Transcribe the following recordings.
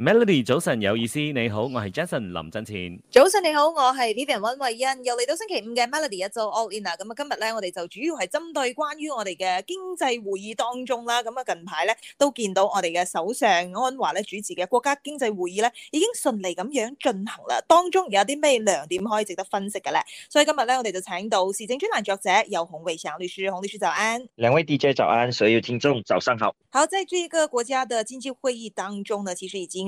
Melody 早晨有意思，你好，我係 Jason 林振前。早晨你好，我係 Vivian 溫慧欣。又嚟到星期五嘅 Melody 一周 All In 啦。咁啊，今日咧我哋就主要係針對關於我哋嘅經濟會議當中啦。咁啊，近排咧都見到我哋嘅首相安華咧主持嘅國家經濟會議咧已經順利咁樣進行啦。當中有啲咩亮點可以值得分析嘅咧？所以今日咧我哋就請到時政專欄作者孔慧祥律師，孔律師就安。兩位 DJ 就安，所有聽眾早上好。好，在這一個國家嘅經濟會議當中呢，其實已經。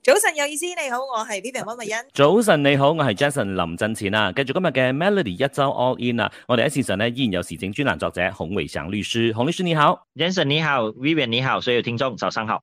早晨有意思，你好，我係 Vivian 汪慧欣。早晨你好，我係 Jason 林振前啊。繼續今日嘅 Melody 一周 All In 啊，我哋喺線上呢依然有時政專欄作者洪偉祥律師，洪律師你好，Jason 你好，Vivian 你好，所有聽眾早上好。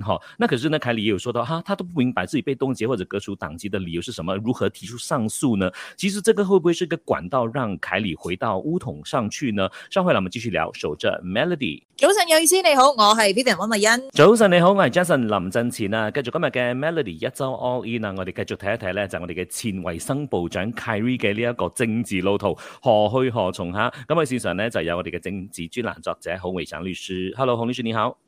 好，那可是呢，凱里也有說到，哈，他都不明白自己被凍結或者革除黨籍的理由是什麼？如何提出上訴呢？其實這個會不會是一個管道，讓凱里回到巫統上去呢？上回啦，我們繼續聊守着 Melody。早晨有意思，你好，我係 Vivian 溫美欣。早晨你好，我係 Jason 林振前啊。繼續今日嘅 Melody 一周 all in 啊，我哋繼續睇一睇咧，就是、我哋嘅前衛生部長 Kerry 嘅呢一個政治路途何去何從吓。咁喺線上咧就有我哋嘅政治專欄作者，洪偉祥律師，Hello，洪律師你好。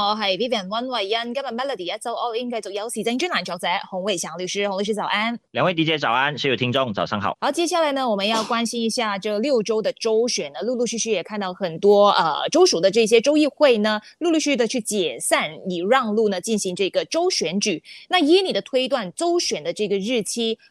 我係、 哦、Vivian wangwang y 溫慧欣，今日 Melody 一周 all in 繼續有時事專欄作者洪偉祥律師，洪律師早安，兩位 DJ 早安，所有聽眾早上好。好，接下來呢，我們要關心一下這六州的州選呢，陸陸續續也看到很多，呃，州屬的這些州議會呢，陸陸續續的去解散，以讓路呢進行這個州選舉。那依你的推斷，州選的這個日期